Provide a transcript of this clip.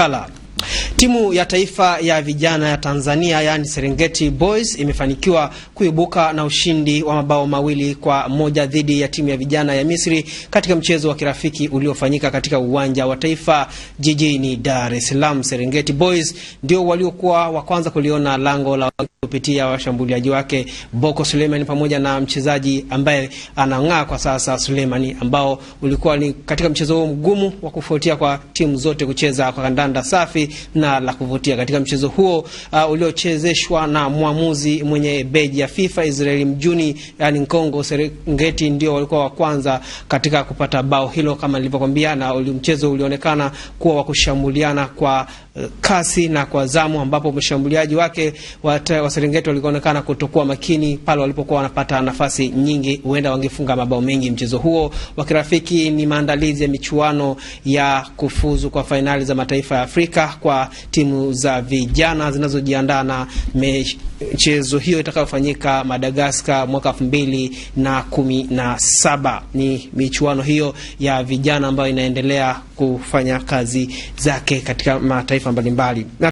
calado. Timu ya taifa ya vijana ya Tanzania yani Serengeti Boys imefanikiwa kuibuka na ushindi wa mabao mawili kwa moja dhidi ya timu ya vijana ya Misri katika mchezo wa kirafiki uliofanyika katika uwanja wa taifa jijini Dar es Salaam. Serengeti Boys ndio waliokuwa wa kwanza kuliona lango la kupitia washambuliaji wake Boko Suleiman pamoja na mchezaji ambaye anang'aa kwa sasa suleiman ambao ulikuwa ni katika mchezo huo mgumu wa kufuatia kwa timu zote kucheza kwa kandanda safi na na la kuvutia katika mchezo huo uh, uliochezeshwa na mwamuzi mwenye beji ya FIFA Israeli Mjuni, yani Nkongo Serengeti ndio walikuwa wa kwanza katika kupata bao hilo kama nilivyokwambia, na uli, mchezo ulionekana kuwa wa kushambuliana kwa uh, kasi na kwa zamu, ambapo mshambuliaji wake wa Serengeti walionekana kutokuwa makini pale walipokuwa wanapata nafasi nyingi, huenda wangefunga mabao mengi. Mchezo huo wa kirafiki ni maandalizi ya michuano ya kufuzu kwa fainali za mataifa ya Afrika kwa timu za vijana zinazojiandaa na michezo hiyo itakayofanyika Madagaskar mwaka elfu mbili na kumi na saba. Ni michuano hiyo ya vijana ambayo inaendelea kufanya kazi zake katika mataifa mbalimbali.